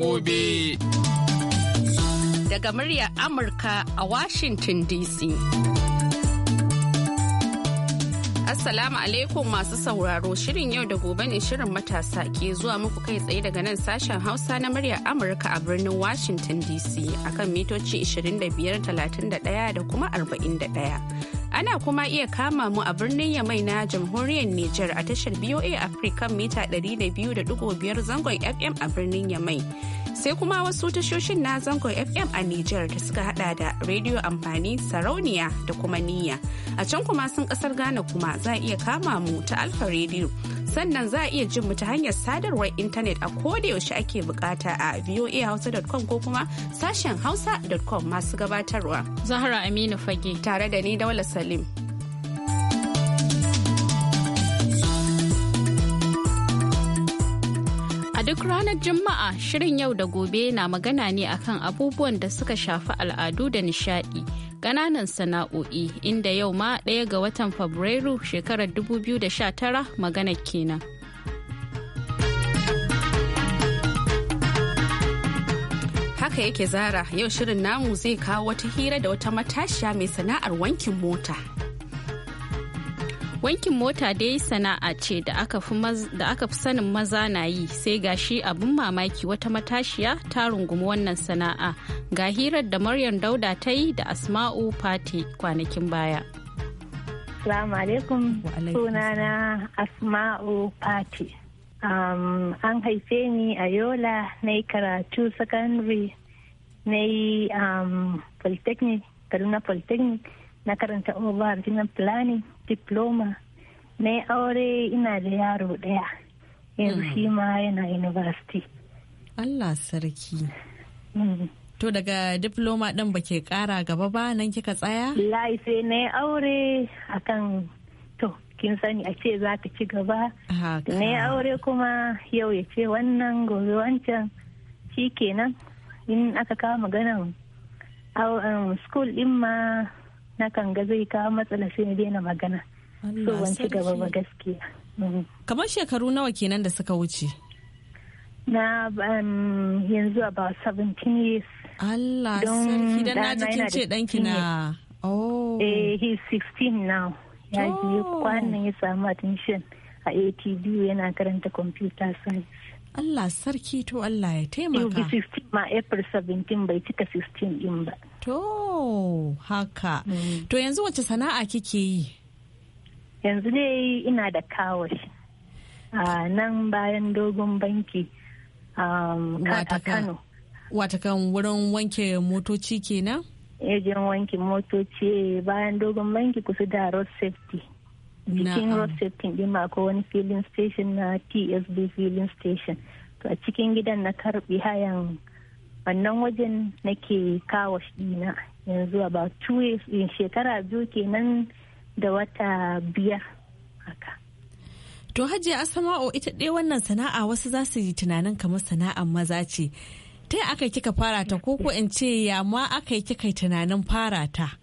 gobe. Daga muryar Amurka a Washington DC. Assalamu alaikum masu sauraro shirin yau da gobe ne shirin matasa ke zuwa muku kai tsaye daga nan sashen Hausa na muryar Amurka a birnin Washington DC akan mitoci 25, 31 da kuma 41. ana kuma iya kama mu a birnin yamai na jamhuriyar Nijar a tashar BOA Afrika mita 200.5 zangon FM a birnin yamai. sai kuma wasu tashoshin na zangon fm a nijar da suka hada da rediyo amfani sarauniya da kuma niyya a can kuma sun kasar ghana kuma za a iya kama mu ta alfa rediyo sannan za a iya jin mu ta hanyar sadarwar intanet a yaushe ake bukata a voahausa.com ko kuma sashen hausa.com masu gabatarwa zahra aminu fage tare da ni daula salim duk ranar Juma'a shirin yau da gobe na magana ne akan abubuwan da suka shafi al'adu da nishadi, ƙananan sana'o'i inda yau ma ɗaya ga watan Fabrairu shekarar 2019 magana kenan. haka yake zara yau shirin namu zai kawo wata hira da wata matashiya mai sana'ar wankin mota wankin mota dai sana'a ce da aka fi sanin maza na yi sai gashi abin mamaki wata matashiya ta rungumi wannan sana'a ga hirar da maryam dauda ta yi da asma'u fati kwanakin baya Assalamu alaikum sunana asma'u fati an haife ni a yola na yi karatu secondary na yi polytechnic kaduna polytechnic na karanta urban planning diploma na aure ina da yaro daya. yanzu mm. shi ma yana university Allah sarki mm. to daga diploma ɗin ba ke ƙara gaba ba nan kika tsaya? lai sai na aure akan to kin sani a ce za ka ci gaba na aure kuma yau ya ce wannan gobe wancan shi kenan in aka kawo maganan um, school ɗin ma na kan ga zai kawo matsala sai na daina magana so ban ci gaba ba gaskiya mm. kamar shekaru nawa kenan da suka wuce na um, yanzu about 17 years Allah sarki dan naji kin ce danki na oh eh he's 16 now ya ji oh. kwanan ya samu attention a ATB yana karanta computer science Allah sarki to Allah ya taimaka. Yubi 16 ma April 17 bai cika 16 din ba. To haka. Mm. To yanzu wace sana'a kike yi? Yanzu ne ina da kawash. A nan bayan dogon banki um, a Kano. Watakan wurin wanke motoci kenan? Ejin eh, wanke motoci eh, bayan dogon banki kusa da road safety. jikin road safety din ma ko wani filin station na tsb filin station to a cikin gidan na karbi hayan wannan wajen nake kawo na yanzu about two years eh, shekara biyu kenan da wata biyar haka To hajiya asama'o ita ɗaya wannan sana'a wasu za su yi tunanin kamar sana'ar maza ce. Ta aka kika fara ta ko ko in ce ya ma aka yi kika tunanin fara ta?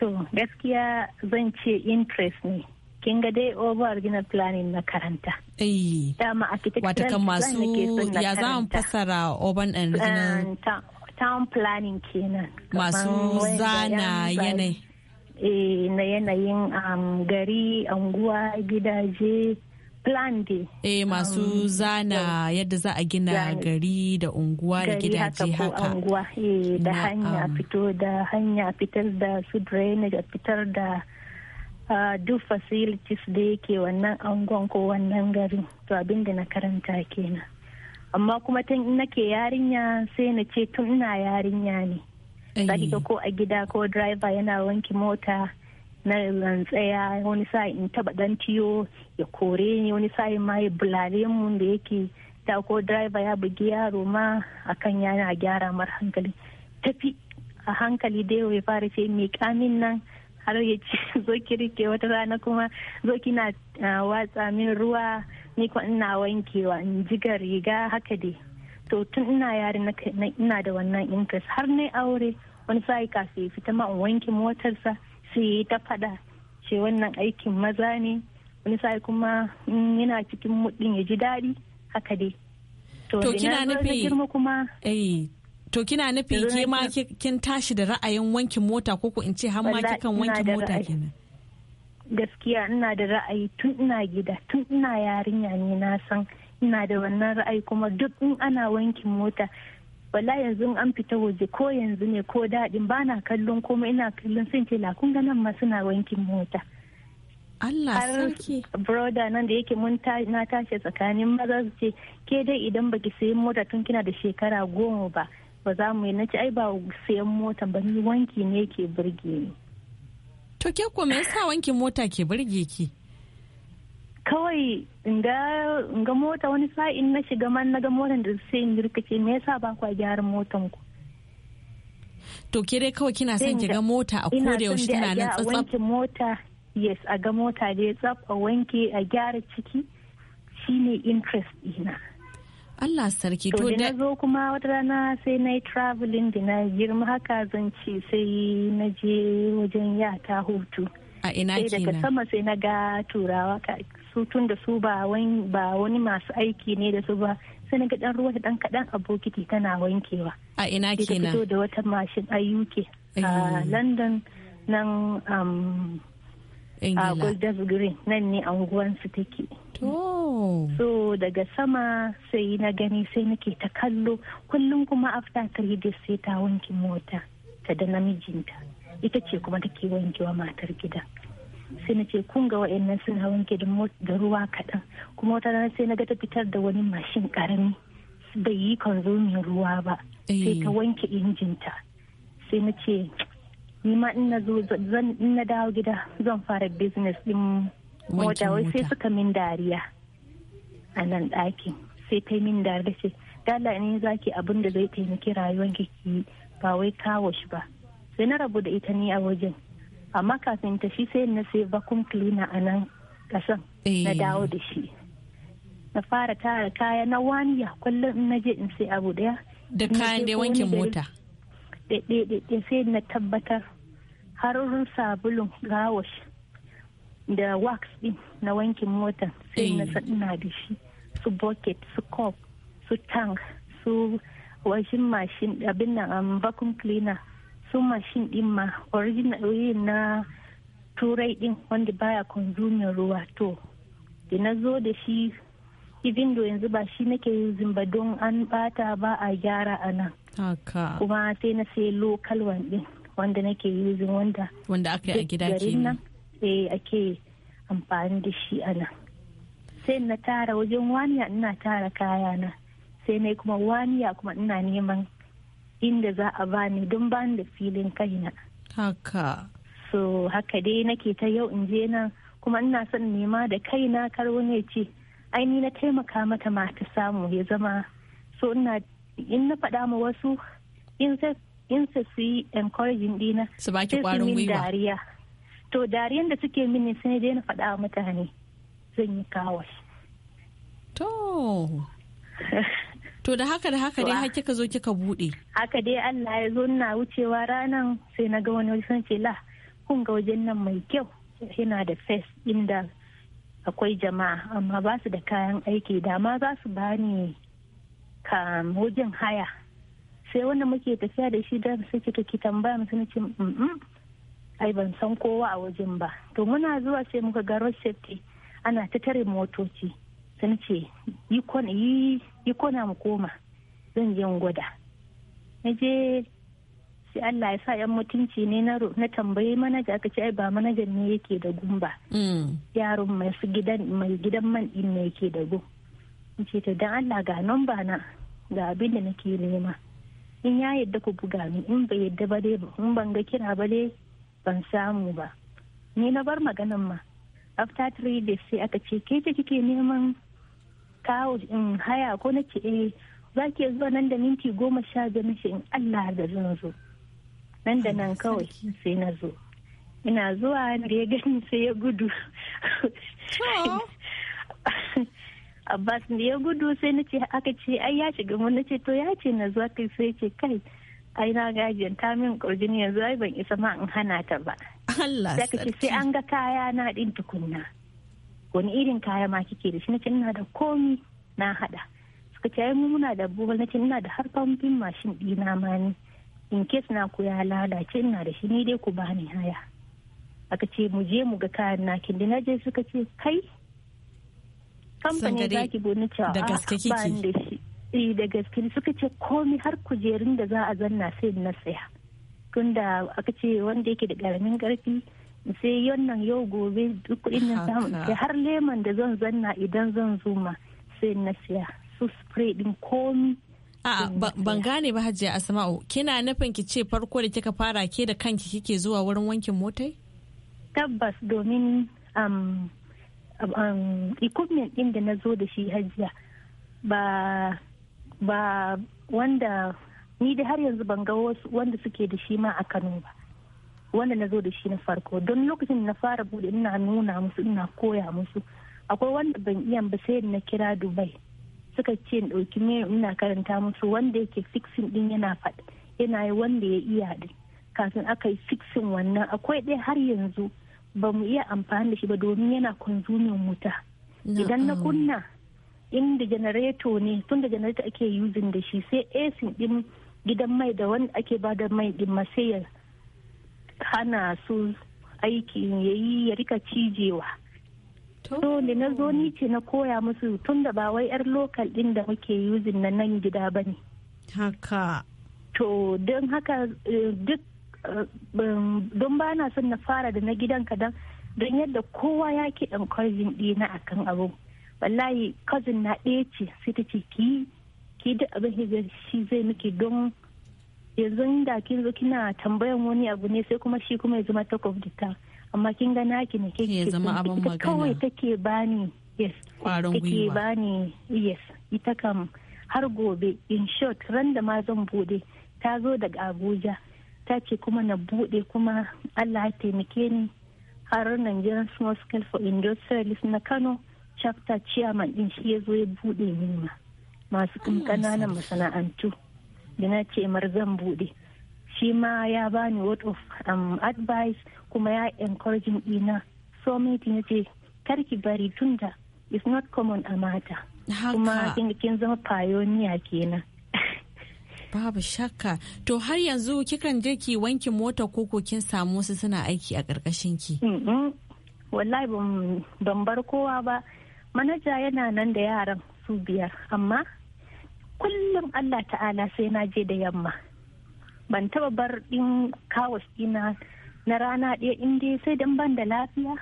To gaskiya zan ce interest ne. Kin ga dai over original planning na karanta. Dama architectural Wata kan masu ya za mu fasara urban and eh, regional. Town planning kenan. Masu zana yanayi. Eh, na yanayin um, gari, anguwa, gidaje, plan e eh masu um, zana yadda za a gina gari da unguwa da gidaje haka unguwa eh, da hanya fito da hanya fitar da su drainage fitar da duk facilities da yake wannan angon ko wannan gari to abin da na karanta kenan amma kuma tun nake yarinya sai na ce tun ina yarinya ne zaki eh. ko a gida ko driver yana wanke mota na tsaya wani in taba dan tiyo ya kore ni wani sa'in ma ya bulale mu da yake ta ko driver ya bugi yaro ma akan yana gyara mar hankali tafi a hankali da ya fara ce mai kamin nan har ya ci zo ki rike wata rana kuma zo kina watsa min ruwa ni kuma ina wankewa in jiga riga haka dai to tun ina yari ina da wannan interest har ne aure wani sa'i kafin ya fita ma in wanke motarsa sai ta faɗa ce wannan aikin maza ne wani sai kuma yana cikin muɗin ya ji daɗi haka dai to kina nufi kuma eh, to kina nufi ke ma kin tashi da ra'ayin wankin mota ko ko in ce har ma kikan wankin mota kenan gaskiya ina da ra'ayi tun ina gida tun ina yarinya ne na san ina da wannan ra'ayi kuma duk in ana wankin mota bala yanzu an fita waje ko yanzu ne ko daɗin ba na kallon komai ina kallon sun ce lakun ganan ma suna wankin mota Allah sarki broda nan da yake mun na tashi tsakanin maza su ce ke dai idan baki sayi mota tun kina da shekara goma ba ba za mu yi na ci ai ba sayan mota ba ni wanki ne ke burge ni to ke kuma yasa wankin mota ke burge ki kawai ga mota wani sa'in na shiga man na ga motan da sai in rikice me yasa ba kwa gyaran motan ku to ke dai kawai kina son ki ga mota a koda yaushe tana nan son wanke mota yes a ga mota da tsaf a wanke a gyara ciki shine interest ina Allah sarki to da zo kuma wata rana sai na yi traveling da na girma haka zan ci sai na je wajen yata hutu a ina kenan sai daga sama sai na ga turawa su tun da su ba wani masu aiki ne da su ba sai na ga dan ruwa dan kadan a bokiti tana wankewa a ina kenan fito da wata mashin a UK a eh. London nan um, a Golders Green nan ne anguwan su take so daga sama sai na gani sai nake ta kallo kullum kuma after three days sai ta wanke mota ta da namijinta ita ce kuma take wankewa matar gidan sai na ce kun ga wa'annan sun hawan da ruwa kaɗan kuma wata rana sai na ga ta fitar da wani mashin ƙarami bai yi mai ruwa ba eh. sai ta wanke injinta sai na ce ni ma in zo na dawo gida zan fara business din mota wai sai suka min dariya a nan ɗakin sai ta min dariya ce dala ne za zaki abin da zai taimaki rayuwar ki ba wai kawo shi ba sai na rabu da ita ni a wajen amma kafin tafi sai na sai vacuum cleaner a nan kasan na eh. dawo da shi na fara tara kaya na wani kullum in na je in sai abu daya da kayan da wankin mota da sai na tabbatar har sabulun gawash da wax ɗin na wankin mota sai na eh. da shi su bucket su cup su tank su washin mashin abin nan um, vacuum cleaner su mashin din ma original yin na turai din wanda baya konzumin ruwa to da na zo da shi even do yanzu ba shi nake using ba don an bata ba a gyara a nan kuma sai na sai local one din wanda nake using wanda wanda aka yi a gida ke nan e ake amfani da shi a nan sai na tara wajen waniya ina tara kaya na sai na kuma waniya kuma ina neman inda za a bani don bani da filin kaina haka so haka dai nake ta yau in je nan kuma ina son nema da kaina kar wani ya ce aini na taimaka mata ma ta samu ya zama so ina in na faɗa ma wasu in sa su yi encouraging dina su baki kwarin gwiwa dariya to dariyan da suke mini sai dai na faɗa mutane zan yi kawai to To da haka da haka dai har kika zo kika bude. Haka dai Allah ya zo na wucewa ranan sai na ga wani wajen ce la kun ga wajen nan mai kyau yana da fes inda akwai jama'a amma ba su da kayan aiki da ma za su bani ka wajen haya sai wanda muke tafiya da shi da sai to ki tambaya mu sun ce ai ban san kowa a wajen ba to muna zuwa sai muka ga road safety ana ta tare motoci sun ce yi kona mu koma zan je gwada na je sai Allah ya sa yan mutunci ne na tambayi manaja aka ce ai ba manajan ne yake da gumba mm. yaron mai gidan mai gidan man din ne yake da gum ce ta dan Allah ga namba na ga abin da nake nema in ya yadda ku buga ni in ba yadda ba dai in ban ga kira ba dai ban samu ba ni na bar maganan ma after three days sai aka ce ke ta kike neman kawo in haya ko nake eh za ki zuwa nan da minti goma sha biyar nace in Allah da zan zo nan da nan kawai sai na zo ina zuwa da ya gani sai ya gudu Abbas da ya gudu sai na ce aka ce ai ya shiga mun ce to ya ce na zuwa kai sai ce kai ai na gajiyan ta min kurjini yanzu ai ban isa ma in hana ta ba. Allah sarki. Sai an ga kaya na din tukunna. wani irin kaya ma kike da shi nace ina da komi na hada suka ce mu muna da buhol nace ina da har famfin mashin dina ma ni in case na ku ya lalace ina da shi ni dai ku bani haya aka ce mu je mu ga kayan na kin da naje suka ce kai kamfanin zaki goni cewa da gaske kike shi eh da gaske suka ce komi har kujerun da za a zanna sai na saya tunda aka ce wanda yake da karamin karfi sai yannan yau gobe duk kudin nan samun sai har leman da zan zanna idan zan zuma sai na siya su spray din komi a ban gane ba Hajiya Asma'u kina nufin ki ce farko da kika fara ke da kanki kike zuwa wurin wankin motai? Tabbas domin um, um, um equipment din da na zo da shi Hajiya ba ba wanda ni da har yanzu ban ga wanda suke da shi ma a Kano ba. wanda na zo da shi na farko don lokacin na fara bude ina nuna musu ina koya musu akwai wanda ban iya ba sai na kira dubai suka ce in dauki me ina karanta musu wanda yake fixing din yana faɗi yana yi wanda ya iya din kafin aka yi fixing wannan akwai ɗaya har yanzu ba mu iya amfani da shi ba domin yana consuming wuta idan na kunna inda janareto ne tun da janareto ake using da shi sai esin din gidan mai da wanda ake ba da mai din masayar hana su aikin yi ya rika cijewa to da na zo ni ce na koya musu tun da ba wai 'yar lokal din da muke yuzin na nan gida ba ne haka to don haka eh, duk eh, don ba na son na fara da na gidan kadan don yadda kowa ya ke ɗan cousin ɗina a kan abu wallahi cousin na ɗaya ce sai ta ce ki ki da abin shi zai miki don yanzu da kin zo kina tambayan wani abu ne sai kuma shi kuma ya zama the town amma kin ga naki ne ke zama abin magana kawai take bani yes take bani yes ita kam har gobe in short ran da ma zan bude ta zo daga abuja ta ce kuma na bude kuma allah ya taimake ni har nigerian small scale for industrialist na kano chapter chairman din shi ya zo ya bude min ma masu kananan ah, masana'antu da na ce mar zan buɗe shi ma ya bani word of um, advice kuma ya encouraging ɗina so meeting ya ce karki bari tunda is not common a mata kuma kin zama pioneer kenan babu shakka to har yanzu kikan je ki wanki mota ko kin samu su suna aiki a ƙarƙashin ki wallahi ban bar kowa ba manaja yana nan da yaran su biyar amma kullum Allah ta'ala sai na je da yamma ban taba bar din kawas ina na rana ɗaya in dai sai dan ban da lafiya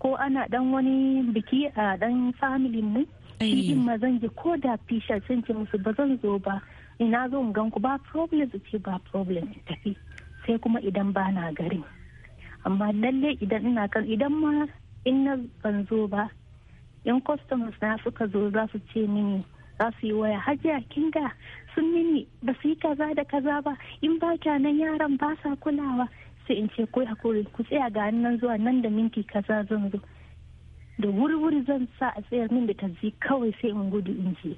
ko ana dan wani biki a dan family mu in ma zan je ko da fisha sun ce musu ba zan zo ba ina zo gan ku ba problem su ce ba problem tafi sai kuma idan ba na garin amma lalle idan ina kan idan ma in na ban zo ba in customers na suka zo za su ce mini za su yi waya hajiya kinga sun mini ba su yi kaza da kaza ba in ba nan yaran ba sa kulawa sai in ce ku hakuri ku tsaya ga nan zuwa nan da minti kaza zan zo da wuri-wuri zan sa a tsayar min da tazi kawai sai in gudu in je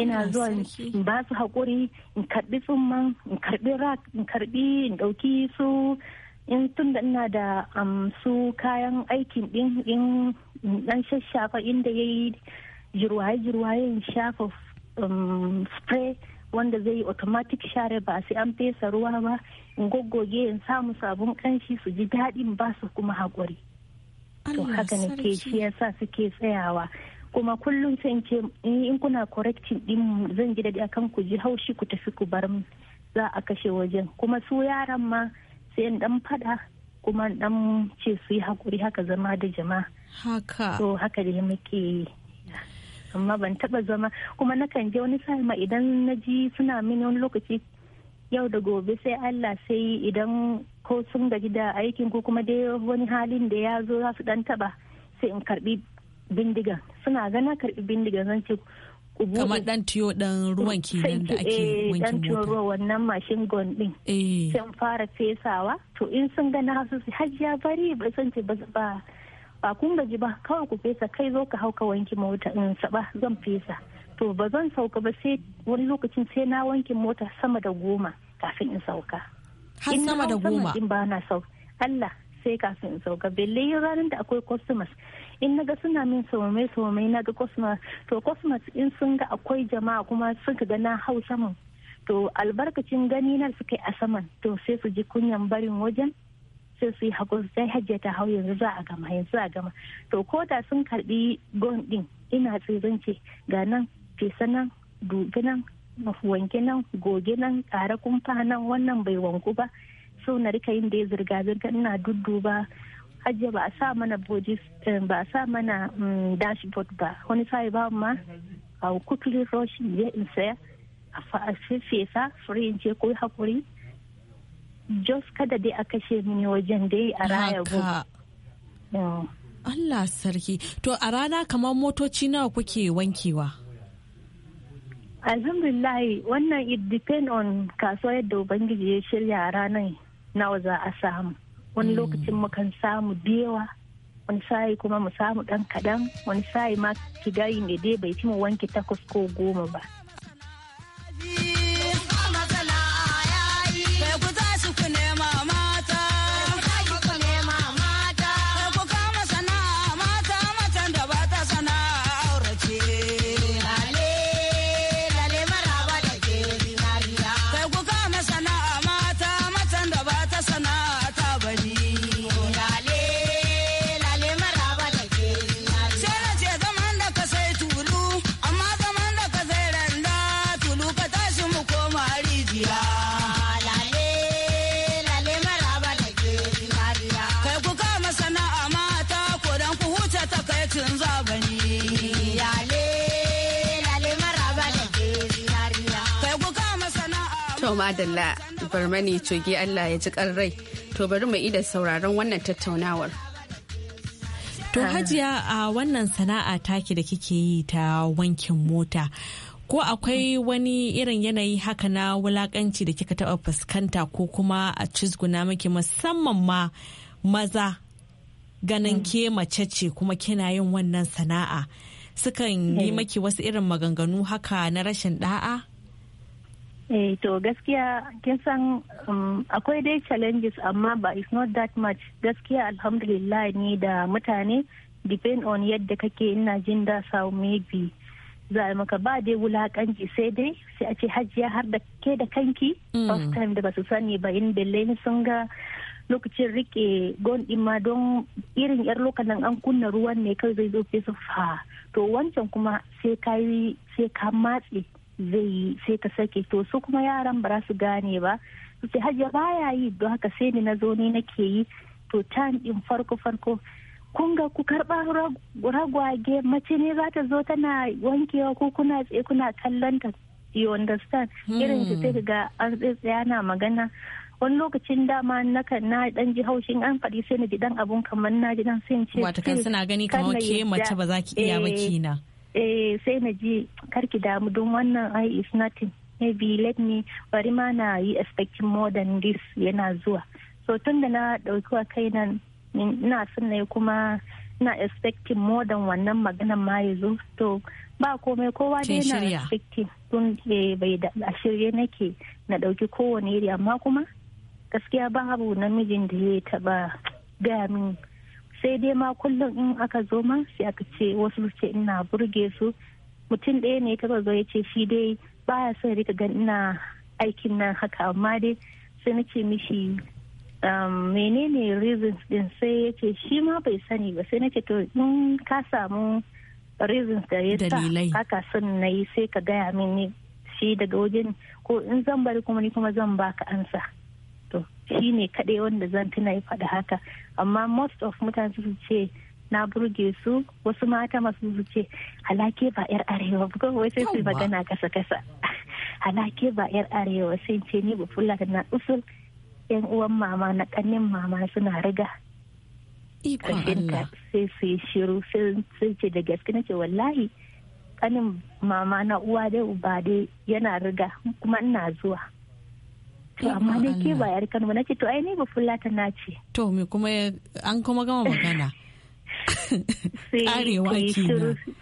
ina zuwa in ba su hakuri in karbi tsumman in karbi rak in karbi in dauki su in tun da ina da su kayan aikin din in dan shashafa inda yayi jirwaye-jirwayen shafa um, spray wanda zai yi automatic share ba sai an fesa ruwa ba in goggoge in samu sabon kanshi su ji daɗin ba su kuma haƙuri to haka na ke shi yasa suke tsayawa kuma kullum sai ce in kuna correcting din zan ji daɗi akan ku ji haushi ku tafi ku bar za a kashe wajen kuma su yaran ma sai in dan fada kuma dan ce su yi haƙuri haka zama da jama'a haka to haka da muke amma ban taba zama kuma nakan je wani sa'ima idan na ji suna mini wani lokaci yau da gobe sai Allah sai idan ko sun gaji da aikin ko kuma dai wani halin da ya zo za su dan taba sai in karbi bindigan suna gana karbi bindigan zan ce kamar dan tiyo dan ruwan kenan da ake eh, wankin mota dan tiyo ruwa wannan mashin gon din eh. sai fara fesawa to in sun gana su hajiya bari ba san ce ba ba kun gaji ba kawai ku fesa kai zo ka hauka wanki wanke mota in saba zan fesa to ba zan sauka ba sai wani lokacin sai na wanke mota sama da goma kafin in sauka har sama da goma in ba na sauka Allah sai kafin in sauka belle yin ranar da akwai customers in na ga suna min somai somai na ga customers to customers in sun ga akwai jama'a kuma sun ga na hau saman to albarkacin gani na suka yi a saman to sai su ji kunyan barin wajen sai su yi hakuri sai hajjiya ta hau yanzu za a gama yanzu a gama to ko da sun karbi gon din ina tsirance ga nan fesa nan dubi nan wanke nan goge nan kara kumfa nan wannan bai wanku ba so na rika yin da ya zirga zirga ina dudduba hajjiya ba a sa mana boji eh, ba a sa mana mm, dashboard ba wani sai ba ma a kutuli roshi je in saya a fesa fure in ko hakuri jos kada dai a kashe mini wajen dai a raya Allah sarki to a rana kamar motoci nawa kuke wankewa alhamdulillah wannan it depend on kaso yadda ubangiji ya shirya a ranar nawa za a samu wani hmm. lokacin mukan samu dewa wani sa'i kuma mu samu ɗan kadan wani sa'i ma kidayin da dai bai ci mu wanke takwas ko goma ba To madalla barmani coge Allah ya ji rai to bari mu ida sauraron wannan tattaunawar. To hajiya a wannan sana'a taki da kike yi ta wankin mota ko akwai wani irin yanayi haka na wulakanci da kika taba fuskanta ko kuma a cizguna miki musamman ma maza ganin ke mace ce kuma kina yin wannan sana'a sukan yi mm. maki wasu irin maganganu haka na rashin da'a? eh to gaskiya kin san um, akwai dai challenges amma ba it's not that much gaskiya alhamdulillah ni da mutane depend on yadda kake ina jin da sau maybe za a maka ba dai wulakanci sai dai sai a ce hajiya har da ke da kanki mm. first time da ba su sani ba in belle sun ga lokacin rike gon ma don irin yar lokacin an kunna ruwan ne kai zai zo fesa fa to wancan kuma sai ka sai ka matse zai yi sai ka sake to su kuma yaran ba su gane ba su ce ba baya yi don haka sai ni na zo ne nake yi to can in farko farko kun ga ku karɓa ragwage mace ne za ta zo tana wankewa ko kuna tsaye kuna kallon ta you understand hmm. irin ta sai ga an tsaya na magana wani lokacin dama na kan na dan ji haushin an faɗi sai na ji dan abun kamar na ji dan sai ce wata kan suna gani kamar ke mace ba za ki iya ba eh. kina eh sai na ji karki damu don wannan ai is nothing maybe let me bari ma na yi expecting more than this yana zuwa so tun da na ɗauki wa nan ina son na kuma na expecting more than wannan maganan ma ya zo to ba komai kowa dai na expecting tun bai da a shirye nake na ɗauki kowane iri amma kuma gaskiya babu namijin da ya taba gaya min sai dai ma kullum in aka zo ma sai aka ce wasu ce ina burge su mutum ɗaya ne ta zo ya ce shi dai baya son rika gan ina aikin nan haka amma dai sai na ce mishi menene reasons din sai ya ce shi ma bai sani ba sai na ce to in ka samu reasons da ya sa haka son na yi sai ka gaya mini shi daga wajen ko in zan bari kuma ni kuma zan baka ansa. shi ne kaɗai wanda zan tuna ya faɗa haka amma most of mutane su ce na burge su wasu mata masu su ce halake ba yar arewa ba kawai sai su magana kasa kasa halake ba yar arewa sai ce ni ba fulla na usul yan uwan mama na kanin mama suna riga sai su yi shiru sai ce da gaske na ce wallahi kanin mama na uwa dai uba dai yana riga kuma ina zuwa to amma dai ke ba yar Kano ba nace to ai ni ba fulata na ce to me kuma an kuma gama magana arewa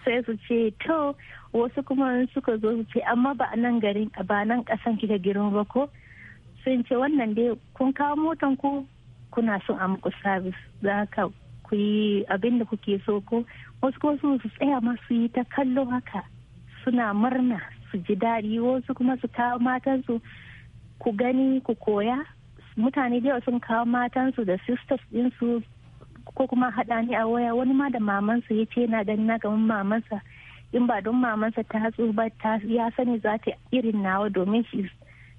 sai su ce to wasu kuma suka zo su ce amma ba nan garin ba nan kasan kika girma ba ko sun ce wannan dai kun kawo motan ku kuna son a muku sabis za ka ku yi abin da kuke so ko wasu ko su su tsaya ma yi ta kallo haka suna murna su ji daɗi wasu kuma su kawo matansu ku gani ku koya mutane da sun kawo matansu da sisters ɗinsu ko kuma haɗa ni a waya wani ma da mamansa ya ce na gani na gaban mamansa in ba don mamansa ta hatsu ba ta ya sani za ta irin nawa domin shi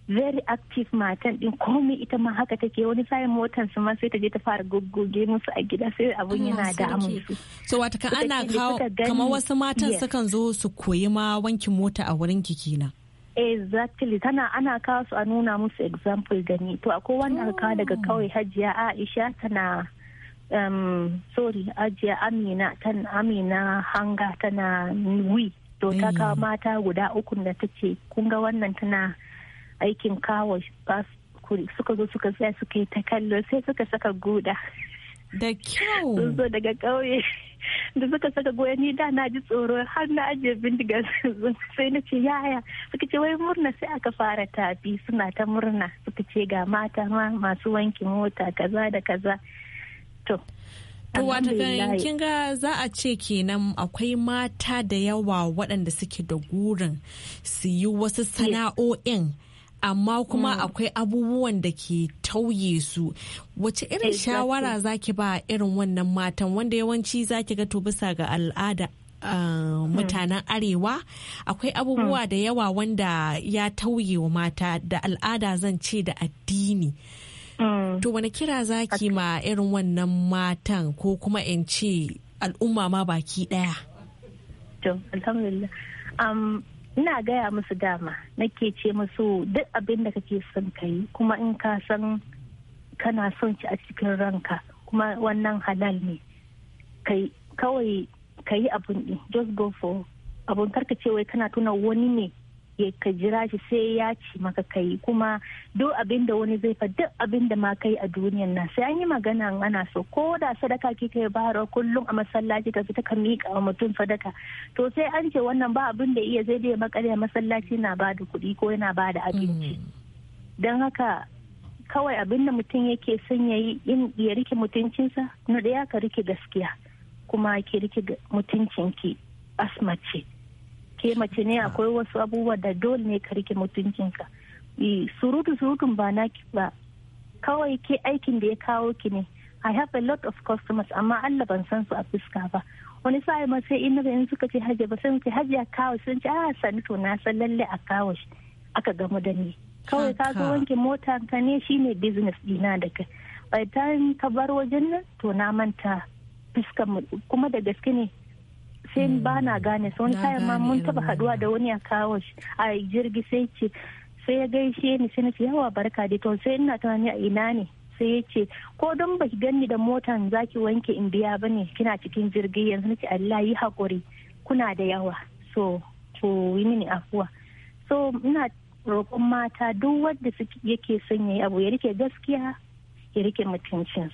very active matan din komai ita ma haka take wani sayin motan su ma sai ta je ta fara goggoge musu a gida sai abun yana da so wata ka ana kawo kamar wasu matan sukan zo su koyi ma wankin mota a wurin kikina. exactly tana ana kawo su a nuna musu example da ni to akwai wanda ka daga kawai oh. hajiya aisha tana um, sorry hajiya amina tan amina hanga tana wi to ta mm. kawo mata guda uku da ta ce kun wannan tana aikin kawo suka zo suka tsaya suka yi ta kallo sai suka saka guda da kyau zo daga kauye da suka saka goya ni da na ji tsoro har na ajiye bindiga sai na ce yaya suka ce wai murna sai aka fara tafi suna ta murna suka ce ga mata ma masu wanki mota kaza da kaza to To wata kin ga za a ce kenan akwai mata da yawa waɗanda suke da gurin su yi wasu sana'o'in amma kuma hmm. akwai abubuwan da ke tauye su wace irin shawara zaki ba irin wannan matan wanda yawanci zaki ga to bisa ga al'ada Uh, mutanen arewa akwai abubuwa hmm. da yawa wanda ya tauye wa mata da al'ada zan ce da addini to wani kira zaki ma irin wannan matan ko kuma in ce al'umma ma baki daya to alhamdulillah um, ina gaya musu dama nake ce musu duk abin da kake son ka yi kuma in ka san kana son shi a cikin ranka kuma wannan halal ne kawai ka yi abun ne just go for abun karka ce wai kana tuna wani ne ya ka jira shi sai ya ci maka kai kuma duk abin da wani zai fa duk abin da ma kai a duniyan nan sai an yi magana ana so ko da sadaka kika yi bara kullum a masallaci ka fita ka miƙa wa mutum sadaka to sai an ce wannan ba abin da iya zai dai makare masallaci na ba da kuɗi ko yana ba da abinci hmm. don haka kawai abin da mutum yake son ya yi ya rike mutuncinsa na ɗaya ka rike gaskiya kuma ke rike mutuncinki asma ce ke mace ne akwai wasu abubuwa da dole ne ka rike mutuncinka surutu surutun ba na ba kawai ke aikin da ya kawo ki ne i have a lot of customers amma allah ban san su a fuska ba wani sa'i ma sai in in suka ce hajji ba sai ce hajji a kawo sun ce a ah, sani to na san lalle a kawo shi aka gamu da ni kawai ka zo wanke mota ka ne shine business dina da kai bai ta ka bar wajen nan to na manta fuskar kuma da gaske ne sai mm. ba na gane sun wani kayan ma mun taba haduwa da wani a kawo a jirgi sai ce sai ya gaishe ni sai na ce yawa barka dai to sai ina tunani a ina ne sai ya ce ko don ba ki ganni da motan zaki wanke in biya ba ne kina cikin jirgi yanzu na ce Allah yi hakuri kuna da yawa so ko wini ne afuwa so ina roƙon mata duk wanda yake son yayi abu ya rike gaskiya ya rike mutuncinsa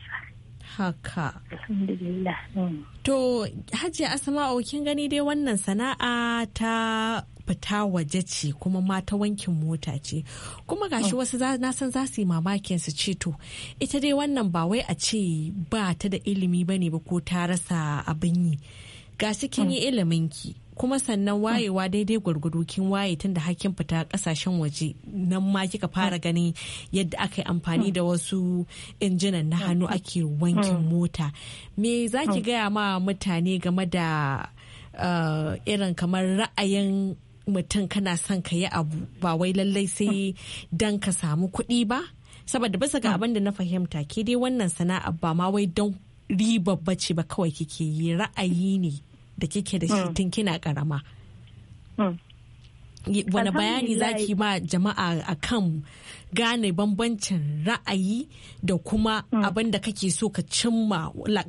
Haka. Mm. To, Hajiya Asma'u kin gani dai wannan sana'a ta fita waje ce kuma mata wankin mota ce kuma gashi mm. wasu na san za su yi mamakin su ce to ita dai wannan ba wai a ce ba ta da ilimi ne ba ko ta rasa abin yi gashi kin yi mm. ilimin ki kuma sannan wayewa daidai gwargwado kin waye tun da hakkin fita kasashen waje nan ma kika fara ganin yadda aka yi amfani da wasu injinan na hannu ake wankin mm. mota me za ki mm. gaya ma mutane game da eh, irin kamar ra'ayin mutum kana son ka yi abu ba wai lallai sai don ka samu kuɗi ba saboda bisa ga mm. abin da na fahimta ke dai wannan sana'a ba ma wai don riba bace ba kawai kike yi ra'ayi ne da kike da shi mm. tun kina karama mm. wane bayani zaki ma jama'a akan gane bambancin ra'ayi da kuma mm. abin da kake so ka cimma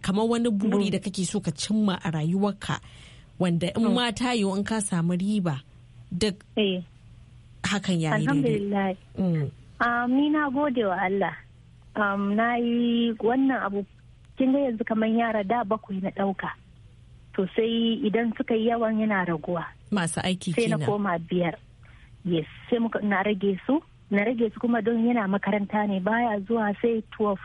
kamar wani buri da kake so ka cimma a rayuwarka wanda in mata yi in ka samu riba duk eh. hakan ya yi alhamdulillah um, ni na gode wa Allah um, na yi wannan abu kin ga yanzu kamar yara da bakwai na ɗauka sosai idan suka yi yawan yana raguwa masu aiki sai na koma biyar yes sai muka na rage su na rage su kuma don yana makaranta ne baya zuwa sai 12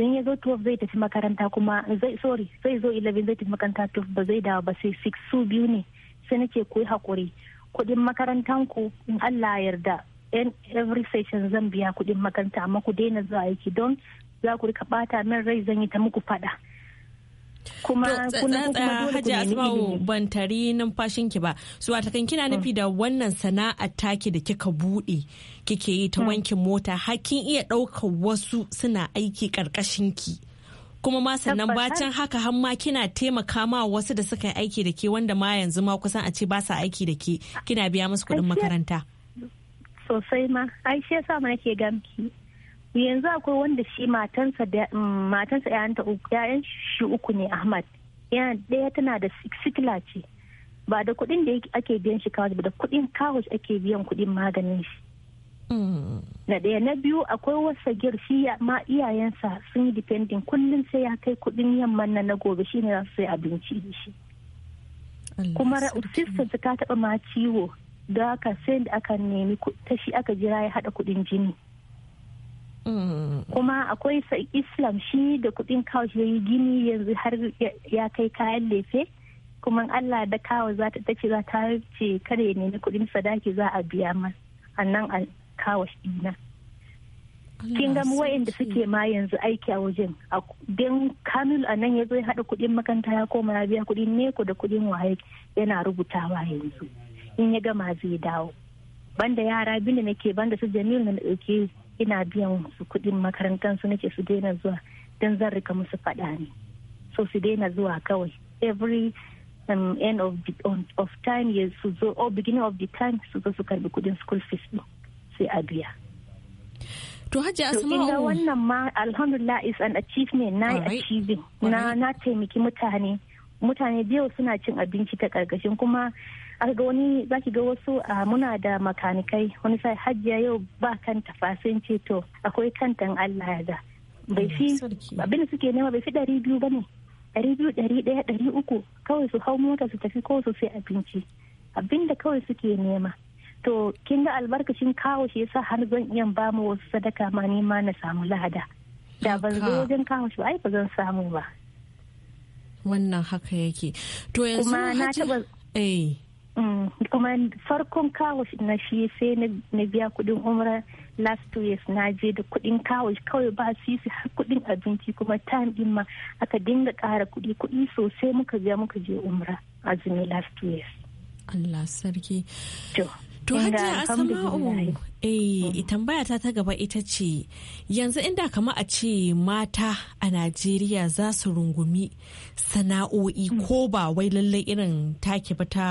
in ya zo 12 zai tafi makaranta kuma zai sorry zai zo 11 zai tafi makaranta 12 ba zai dawo ba sai 6 su biyu ne sai nake ku yi hakuri kudin makarantan ku in Allah yarda in every session zan biya kudin makaranta amma ku daina zuwa aiki don za ku rika bata min rai zan yi ta muku fada kuma kuna kuma Hajji Asma'u ban tari numfashin ki ba so kan kina nufi da wannan sana'a taki da kika bude kike yi ta hmm. wankin mota hakin iya ɗaukar wasu suna aiki karkashin ki kuma ma sannan bacin haka har ma kina taimaka ma wasu da suka yi aiki da ke wanda ma yanzu ma kusan a ce ba sa aiki da ke kina biya musu kuɗin makaranta sosai ma ai shi yasa ma nake gamki yanzu akwai wanda shi matansa mm, matansa yayanta yayan shi uku ne Ahmad yana daya tana da sikila ce ba da kudin da ake biyan shi kawai ba da kudin kawai ake biyan kudin maganin shi hmm. na daya na biyu akwai wasa gir shi ma iyayensa sun yi dependent kullum sai ya kai kudin yamman na na gobe shi ne sai abinci shi kuma sister ta taba ma ciwo da aka sai da aka nemi ta shi aka jira ya haɗa kuɗin jini Mm. kuma akwai islam shi da kudin kawai ya yi gini yanzu har ya kai kayan lefe kuma allah da kawo za ta tace za ta ce kada ya nemi kudin sadaki za a biya ma a nan a kawo ɗina kin ga wa'inda suke ma yanzu aiki a wajen don kamil a nan ya zo ya haɗa kudin makanta ya koma ya biya kudin neko da kudin waye yana rubutawa yanzu in ya gama zai dawo banda yara biyu da nake banda su jamilu na ɗauke ina biyan su kuɗin makarantar su nace su daina zuwa don zan rika musu faɗa ne so su daina zuwa kawai every um, end of, the, on, of time ya su zo or oh, beginning of the time su zo su karbi kuɗin school fees ɗin sai a biya To Hajji wannan ma alhamdulillah is an achievement na achieving na na taimaki mutane mutane biyu suna cin abinci ta karkashin kuma ga wani za ki ga wasu a muna da makanikai wani sai hajjiya yau ba kanta tafasin ceto to akwai kantan Allah da bai fi mm, abin suke nema bai fi ɗari biyu ba ne ɗari biyu ɗari ɗaya ɗari uku kawai su hau mota su tafi ko su sai abinci abin da kawai suke nema to kin ga albarkacin kawo shi yasa har zan iya ba mu wasu sadaka ma nema na samu lada da ban zo wajen kawo shi ai ba zan samu ba wannan haka yake to yanzu kuma na taba eh Mm. kuma farkon kawo na shi sai na biya kudin umra last two years na je da kudin kawo kawai ba sisi har kudin abinci kuma time din ma aka dinga kara kudi kudi sosai muka biya muka je umra azumi last two years Allah sarki. To hajiya Asama'u eh tambaya ta ta gaba ita ce yanzu inda kama a ce mata a Najeriya za su rungumi sana'o'i mm. ko ba wai lallai irin take ba ta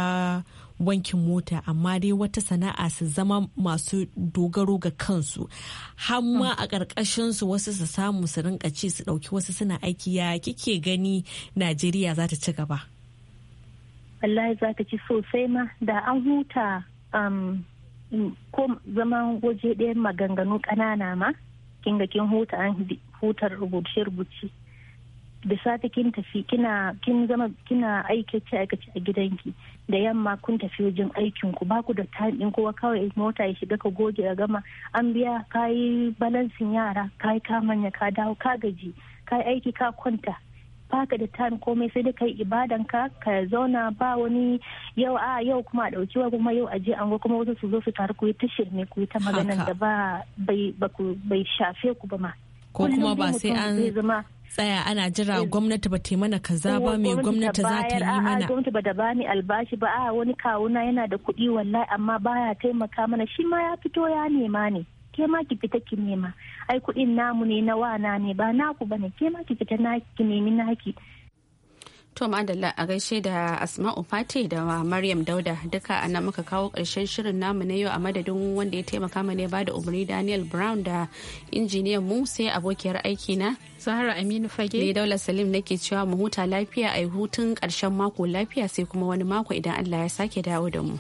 wankin mota amma dai wata sana'a su zama masu dogaro ga kansu hamma mm. a ƙarƙashin su wasu su samu su rinka ci su ɗauki wasu suna aiki ya kike gani Najeriya za ta ci gaba. Wallahi za ta ci sosai ma da an huta Um, ko zaman waje ɗaya maganganu ƙanana ma kin ga kin huta an hutar rubuce rubuce da sata kin tafi kina kin zama kina aikace aikace a gidanki da yamma kun tafi wajen aikin ku baku da time din kowa kawai mota ya shiga ka goge a gama an biya kayi balansin yara kayi kamanya ka dawo ka gaji kayi aiki ka kwanta baka da time komai sai dai kai ibadan ka ka zauna ba wani yau a yau kuma a dauki kuma yau a je an kuma wasu su zo su taru ku yi ta shirme ku yi ta magana da ba bai shafe ku ba ma ko kuma ba sai an tsaya ana jira gwamnati ba ta mana kaza ba mai gwamnati za ta yi mana gwamnati ba da bani albashi ba a wani kawuna yana da kuɗi wallahi amma baya taimaka mana shi ma ya fito ya nema ne ke ma ki fita ki nema ai kuɗin namu ne na wana ne ba naku bane ke ma ki fita na ki nemi naki To Madalla a gaishe da Asma'u Fati da Maryam Dauda duka a nan muka kawo karshen shirin namu na yau a madadin wanda ya taimaka mana ya bada umarni Daniel Brown da injiniyan mu sai abokiyar aiki na zahara Aminu Fage. ne Daula Salim nake cewa mu huta lafiya a hutun ƙarshen mako lafiya sai kuma wani mako idan Allah ya sake dawo da mu.